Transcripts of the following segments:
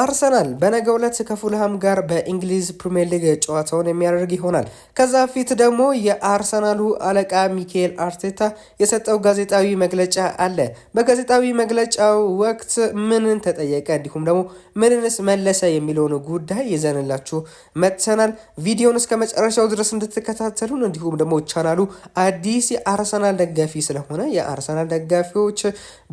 አርሰናል በነገ ዕለት ከፉልሃም ጋር በእንግሊዝ ፕሪምየር ሊግ ጨዋታውን የሚያደርግ ይሆናል። ከዛ ፊት ደግሞ የአርሰናሉ አለቃ ሚካኤል አርቴታ የሰጠው ጋዜጣዊ መግለጫ አለ። በጋዜጣዊ መግለጫው ወቅት ምንን ተጠየቀ እንዲሁም ደግሞ ምንንስ መለሰ የሚለውን ጉዳይ ይዘንላችሁ መጥተናል። ቪዲዮን እስከ መጨረሻው ድረስ እንድትከታተሉን እንዲሁም ደግሞ ቻናሉ አዲስ የአርሰናል ደጋፊ ስለሆነ የአርሰናል ደጋፊዎች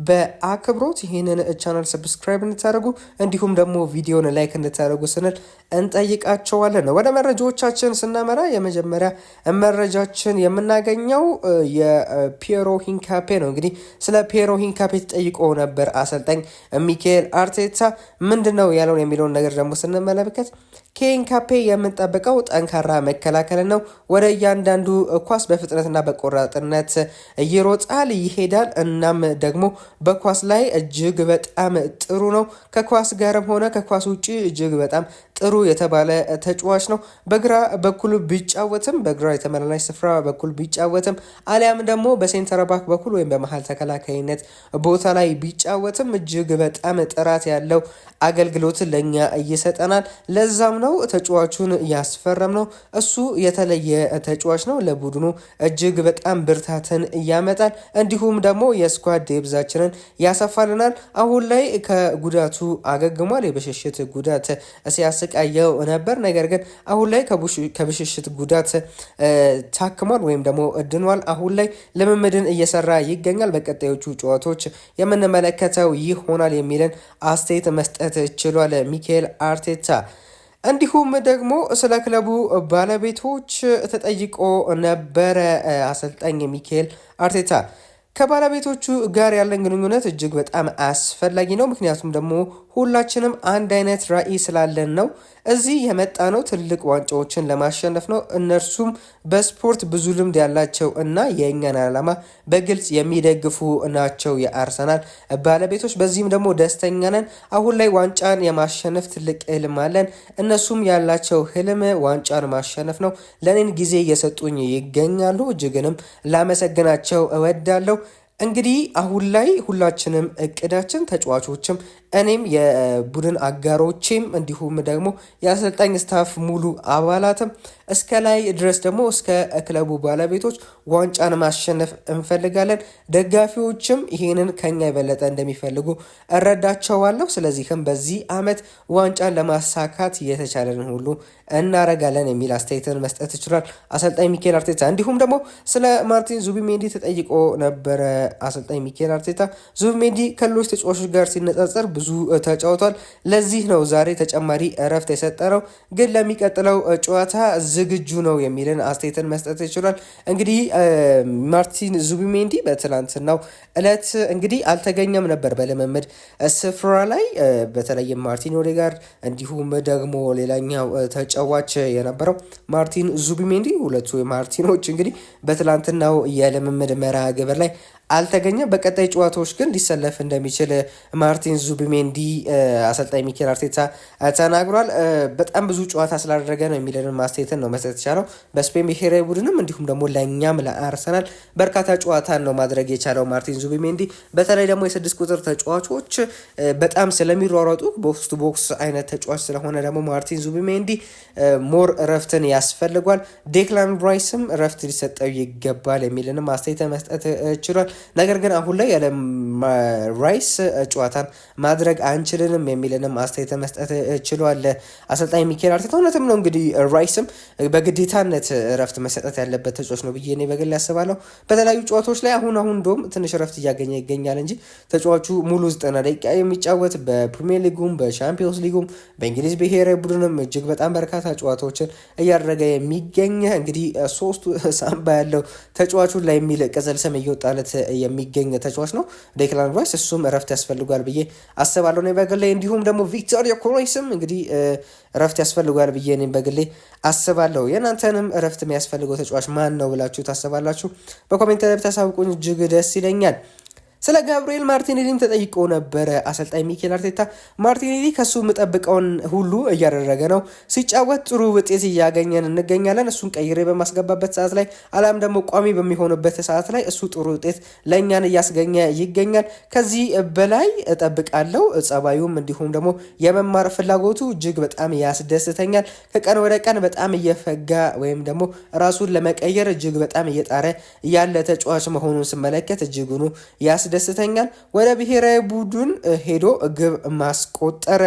በአክብሮት ይህንን ቻናል ሰብስክራይብ እንድታደርጉ እንዲሁም ደግሞ ደግሞ ቪዲዮን ላይክ እንድታደርጉ ስንል እንጠይቃቸዋለን። ወደ መረጃዎቻችን ስናመራ የመጀመሪያ መረጃችን የምናገኘው የፒሮ ሂንካፔ ነው። እንግዲህ ስለ ፒሮ ሂንካፔ ተጠይቆ ነበር አሰልጣኝ ሚካኤል አርቴታ ምንድን ነው ያለውን የሚለውን ነገር ደግሞ ስንመለከት ከኤንካፔ የምንጠብቀው ጠንካራ መከላከል ነው። ወደ እያንዳንዱ ኳስ በፍጥነትና በቆራጥነት ይሮጣል፣ ይሄዳል። እናም ደግሞ በኳስ ላይ እጅግ በጣም ጥሩ ነው። ከኳስ ጋርም ሆነ ከኳስ ውጭ እጅግ በጣም ጥሩ የተባለ ተጫዋች ነው። በግራ በኩል ቢጫወትም በግራ የተመላላሽ ስፍራ በኩል ቢጫወትም አሊያም ደግሞ በሴንተር ባክ በኩል ወይም በመሀል ተከላካይነት ቦታ ላይ ቢጫወትም እጅግ በጣም ጥራት ያለው አገልግሎት ለእኛ ይሰጠናል። ለዛም ነው ተጫዋቹን ያስፈረም ነው። እሱ የተለየ ተጫዋች ነው። ለቡድኑ እጅግ በጣም ብርታትን እያመጣል፣ እንዲሁም ደግሞ የስኳድ ዴብዛችንን ያሰፋልናል። አሁን ላይ ከጉዳቱ አገግሟል። የበሽሽት ጉዳት ሲያስ እያሰቃየው ነበር። ነገር ግን አሁን ላይ ከብሽሽት ጉዳት ታክሟል ወይም ደግሞ እድኗል። አሁን ላይ ልምምድን እየሰራ ይገኛል። በቀጣዮቹ ጨዋታዎች የምንመለከተው ይሆናል የሚልን አስተያየት መስጠት ችሏል ሚካኤል አርቴታ። እንዲሁም ደግሞ ስለ ክለቡ ባለቤቶች ተጠይቆ ነበረ አሰልጣኝ ሚካኤል አርቴታ ከባለቤቶቹ ጋር ያለን ግንኙነት እጅግ በጣም አስፈላጊ ነው። ምክንያቱም ደግሞ ሁላችንም አንድ አይነት ራዕይ ስላለን ነው። እዚህ የመጣ ነው ትልቅ ዋንጫዎችን ለማሸነፍ ነው። እነርሱም በስፖርት ብዙ ልምድ ያላቸው እና የእኛን ዓላማ በግልጽ የሚደግፉ ናቸው የአርሰናል ባለቤቶች። በዚህም ደግሞ ደስተኛ ነን። አሁን ላይ ዋንጫን የማሸነፍ ትልቅ ህልም አለን። እነሱም ያላቸው ህልም ዋንጫን ማሸነፍ ነው። ለእኔን ጊዜ እየሰጡኝ ይገኛሉ። እጅግንም ላመሰግናቸው እወዳለሁ። እንግዲህ አሁን ላይ ሁላችንም እቅዳችን ተጫዋቾችም እኔም የቡድን አጋሮቼም እንዲሁም ደግሞ የአሰልጣኝ ስታፍ ሙሉ አባላትም እስከ ላይ ድረስ ደግሞ እስከ ክለቡ ባለቤቶች ዋንጫን ማሸነፍ እንፈልጋለን። ደጋፊዎችም ይህንን ከኛ የበለጠ እንደሚፈልጉ እረዳቸዋለሁ። ስለዚህም በዚህ ዓመት ዋንጫን ለማሳካት የተቻለን ሁሉ እናረጋለን የሚል አስተያየትን መስጠት ይችላል አሰልጣኝ ሚኬል አርቴታ። እንዲሁም ደግሞ ስለ ማርቲን ዙቢሜንዲ ተጠይቆ ነበረ አሰልጣኝ ሚኬል አርቴታ ዙቢሜንዲ ከሌሎች ተጫዋቾች ጋር ሲነጻጸር ብዙ ተጫውቷል። ለዚህ ነው ዛሬ ተጨማሪ እረፍት የሰጠነው። ግን ለሚቀጥለው ጨዋታ ዝግጁ ነው የሚልን አስተያየትን መስጠት ይችሏል። እንግዲህ ማርቲን ዙቢሜንዲ በትናንትናው እለት እንግዲህ አልተገኘም ነበር በልምምድ ስፍራ ላይ በተለይም ማርቲን ኦዴጋርድ እንዲሁም ደግሞ ሌላኛው ተጫዋች የነበረው ማርቲን ዙቢሜንዲ ሁለቱ ማርቲኖች እንግዲህ በትላንትናው የልምምድ መርሃ ግብር ላይ አልተገኘም። በቀጣይ ጨዋታዎች ግን ሊሰለፍ እንደሚችል ማርቲን ዙቢሜንዲ አሰልጣኝ ሚኬል አርቴታ ተናግሯል። በጣም ብዙ ጨዋታ ስላደረገ ነው የሚለንን ማስተያየትን ነው መስጠት የቻለው በስፔን ብሔራዊ ቡድንም እንዲሁም ደግሞ ለእኛም ለአርሰናል በርካታ ጨዋታን ነው ማድረግ የቻለው ማርቲን ዙቢሜንዲ። በተለይ ደግሞ የስድስት ቁጥር ተጫዋቾች በጣም ስለሚሯሯጡ ቦክስ ቱ ቦክስ አይነት ተጫዋች ስለሆነ ደግሞ ማርቲን ዙቢሜንዲ ሞር እረፍትን ያስፈልጓል። ዴክላን ራይስም እረፍት ሊሰጠው ይገባል የሚልንም አስተያየት መስጠት ችሏል። ነገር ግን አሁን ላይ ያለ ራይስ ጨዋታን ማድረግ አንችልንም የሚልንም አስተያየት መስጠት ችሏል አሰልጣኝ ሚኬል አርቴታ። እውነትም ነው እንግዲህ ራይስም በግዴታነት እረፍት መሰጠት ያለበት ተጫዋች ነው ብዬ እኔ በግል ያስባለሁ። በተለያዩ ጨዋታዎች ላይ አሁን አሁን እንደውም ትንሽ እረፍት እያገኘ ይገኛል እንጂ ተጫዋቹ ሙሉ ዘጠና ደቂቃ የሚጫወት በፕሪሚየር ሊጉም በሻምፒዮንስ ሊጉም በእንግሊዝ ብሔራዊ ቡድንም እጅግ በጣም በርካታ ጨዋታዎችን እያደረገ የሚገኝ እንግዲህ ሶስቱ ሳምባ ያለው ተጫዋቹን ላይ የሚል ቅጽል ስም እየወጣለት የሚገኝ ተጫዋች ነው ዴክላን ራይስ። እሱም እረፍት ያስፈልጓል ብዬ አስባለሁ እኔ በግሌ። እንዲሁም ደግሞ ቪክቶር ዮኬሬስም እንግዲህ እረፍት ያስፈልጓል ብዬ እኔም በግሌ አስባለሁ። የእናንተንም እረፍት የሚያስፈልገው ተጫዋች ማን ነው ብላችሁ ታስባላችሁ? በኮሜንት ላይ ብታሳውቁኝ እጅግ ደስ ይለኛል። ስለ ጋብርኤል ማርቲኔሊም ተጠይቆ ነበረ። አሰልጣኝ ሚኬል አርቴታ ማርቲኔሊ ከሱ የምጠብቀውን ሁሉ እያደረገ ነው፣ ሲጫወት ጥሩ ውጤት እያገኘን እንገኛለን። እሱን ቀይሬ በማስገባበት ሰዓት ላይ አላም ደግሞ ቋሚ በሚሆንበት ሰዓት ላይ እሱ ጥሩ ውጤት ለእኛን እያስገኘ ይገኛል። ከዚህ በላይ እጠብቃለሁ። ጸባዩም እንዲሁም ደግሞ የመማር ፍላጎቱ እጅግ በጣም ያስደስተኛል። ከቀን ወደ ቀን በጣም እየፈጋ ወይም ደግሞ ራሱን ለመቀየር እጅግ በጣም እየጣረ ያለ ተጫዋች መሆኑን ስመለከት እጅጉኑ ያስደ ያስደስተኛል። ወደ ብሔራዊ ቡድን ሄዶ ግብ ማስቆጠር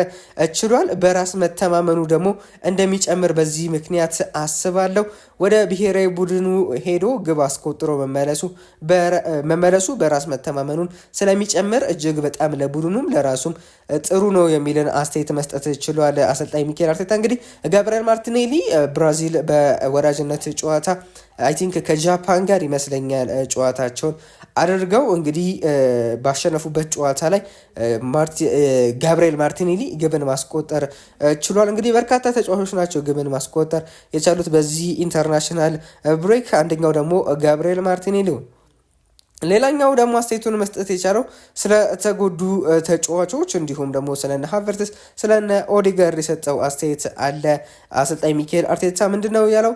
ችሏል። በራስ መተማመኑ ደግሞ እንደሚጨምር በዚህ ምክንያት አስባለሁ። ወደ ብሔራዊ ቡድኑ ሄዶ ግብ አስቆጥሮ መመለሱ በራስ መተማመኑን ስለሚጨምር እጅግ በጣም ለቡድኑም ለራሱም ጥሩ ነው የሚልን አስተያየት መስጠት ችሏል። አሰልጣኝ ሚኬል አርቴታ እንግዲህ ጋብርኤል ማርቲኔሊ ብራዚል በወዳጅነት ጨዋታ አይ ቲንክ ከጃፓን ጋር ይመስለኛል ጨዋታቸውን አድርገው እንግዲህ ባሸነፉበት ጨዋታ ላይ ጋብርኤል ማርቲኔሊ ግብን ማስቆጠር ችሏል። እንግዲህ በርካታ ተጫዋቾች ናቸው ግብን ማስቆጠር የቻሉት በዚህ ኢንተርናሽናል ብሬክ። አንደኛው ደግሞ ጋብርኤል ማርቲኔሊ ሌላኛው ደግሞ አስተያየቱን መስጠት የቻለው ስለተጎዱ ተጫዋቾች እንዲሁም ደግሞ ስለነ ሀቨርትስ ስለነ ኦዲገር የሰጠው አስተያየት አለ። አሰልጣኝ ሚካኤል አርቴታ ምንድን ነው ያለው?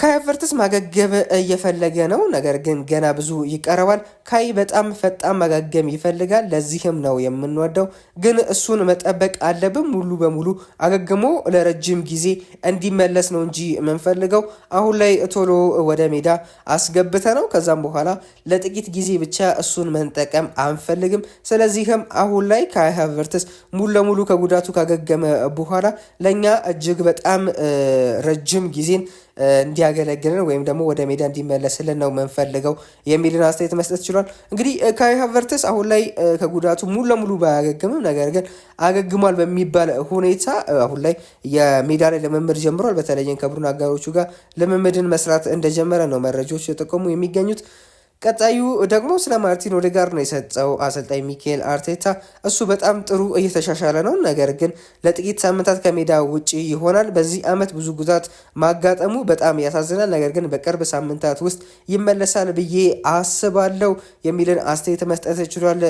ከሀቨርትስ ማገገም እየፈለገ ነው፣ ነገር ግን ገና ብዙ ይቀረዋል። ካይ በጣም ፈጣን ማገገም ይፈልጋል። ለዚህም ነው የምንወደው፣ ግን እሱን መጠበቅ አለብን። ሙሉ በሙሉ አገግሞ ለረጅም ጊዜ እንዲመለስ ነው እንጂ የምንፈልገው አሁን ላይ ቶሎ ወደ ሜዳ አስገብተ ነው። ከዛም በኋላ ለጥቂት ጊዜ ብቻ እሱን መንጠቀም አንፈልግም። ስለዚህም አሁን ላይ ካይ ሀቨርትስ ሙሉ ለሙሉ ከጉዳቱ ካገገመ በኋላ ለእኛ እጅግ በጣም ረጅም ጊዜን እንዲያገለግልን ወይም ደግሞ ወደ ሜዳ እንዲመለስልን ነው የምንፈልገው የሚልን አስተያየት መስጠት ችሏል። እንግዲህ ካይ ሀቨርትስ አሁን ላይ ከጉዳቱ ሙሉ ለሙሉ ባያገግምም ነገር ግን አገግሟል በሚባል ሁኔታ አሁን ላይ የሜዳ ላይ ልምምድ ጀምሯል። በተለይም ከቡድን አጋሮቹ ጋር ልምምድን መስራት እንደጀመረ ነው መረጃዎች የጠቆሙ የሚገኙት። ቀጣዩ ደግሞ ስለ ማርቲን ኦዴጋርድ ነው የሰጠው አሰልጣኝ ሚካኤል አርቴታ። እሱ በጣም ጥሩ እየተሻሻለ ነው፣ ነገር ግን ለጥቂት ሳምንታት ከሜዳ ውጪ ይሆናል። በዚህ ዓመት ብዙ ጉዳት ማጋጠሙ በጣም ያሳዝናል፣ ነገር ግን በቅርብ ሳምንታት ውስጥ ይመለሳል ብዬ አስባለሁ የሚልን አስተያየት መስጠት ችሏል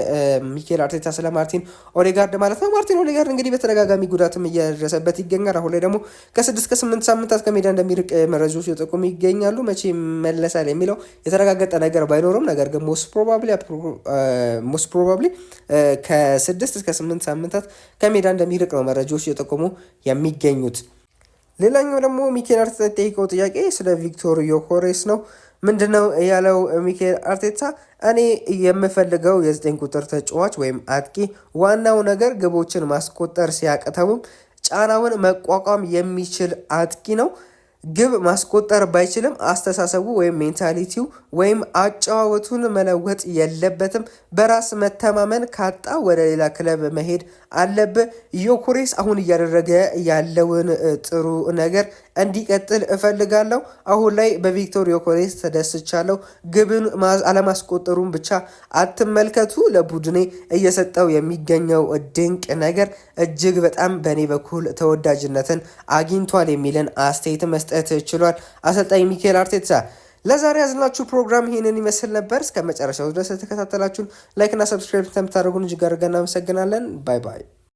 ሚካኤል አርቴታ ስለ ማርቲን ኦዴጋርድ ማለት ነው። ማርቲን ኦዴጋርድ እንግዲህ በተደጋጋሚ ጉዳትም እየደረሰበት ይገኛል። አሁን ላይ ደግሞ ከስድስት ከስምንት ሳምንታት ከሜዳ እንደሚርቅ መረጃዎች የጠቁሙ ይገኛሉ። መቼ ይመለሳል የሚለው የተረጋገጠ ነገር ባይ ባይኖርም ነገር ግን ሞስት ፕሮባብሊ uh, uh, ከስድስት እስከ ስምንት ሳምንታት ከሜዳ እንደሚርቅ ነው መረጃዎች እየጠቆሙ የሚገኙት። ሌላኛው ደግሞ ሚኬል አርቴታ የጠየቀው ጥያቄ ስለ ቪክቶር ዮኮሬስ ነው። ምንድነው ያለው ሚኬል አርቴታ? እኔ የምፈልገው የዘጠኝ ቁጥር ተጫዋች ወይም አጥቂ፣ ዋናው ነገር ግቦችን ማስቆጠር ሲያቅተውም ጫናውን መቋቋም የሚችል አጥቂ ነው። ግብ ማስቆጠር ባይችልም አስተሳሰቡ ወይም ሜንታሊቲው ወይም አጨዋወቱን መለወጥ የለበትም። በራስ መተማመን ካጣ ወደ ሌላ ክለብ መሄድ አለብህ። ዮኮሬስ አሁን እያደረገ ያለውን ጥሩ ነገር እንዲቀጥል እፈልጋለሁ። አሁን ላይ በቪክቶር ዮኬሬስ ተደስቻለሁ። ግብን አለማስቆጠሩን ብቻ አትመልከቱ። ለቡድኔ እየሰጠው የሚገኘው ድንቅ ነገር እጅግ በጣም በእኔ በኩል ተወዳጅነትን አግኝቷል የሚልን አስተያየት መስጠት ችሏል አሰልጣኝ ሚካኤል አርቴታ። ለዛሬ ያዝናችሁ ፕሮግራም ይህንን ይመስል ነበር። እስከ መጨረሻው ድረስ ተከታተላችሁን ላይክና ሰብስክራይብ እንደምታደርጉን እጅግ አድርገን እናመሰግናለን። ባይ ባይ።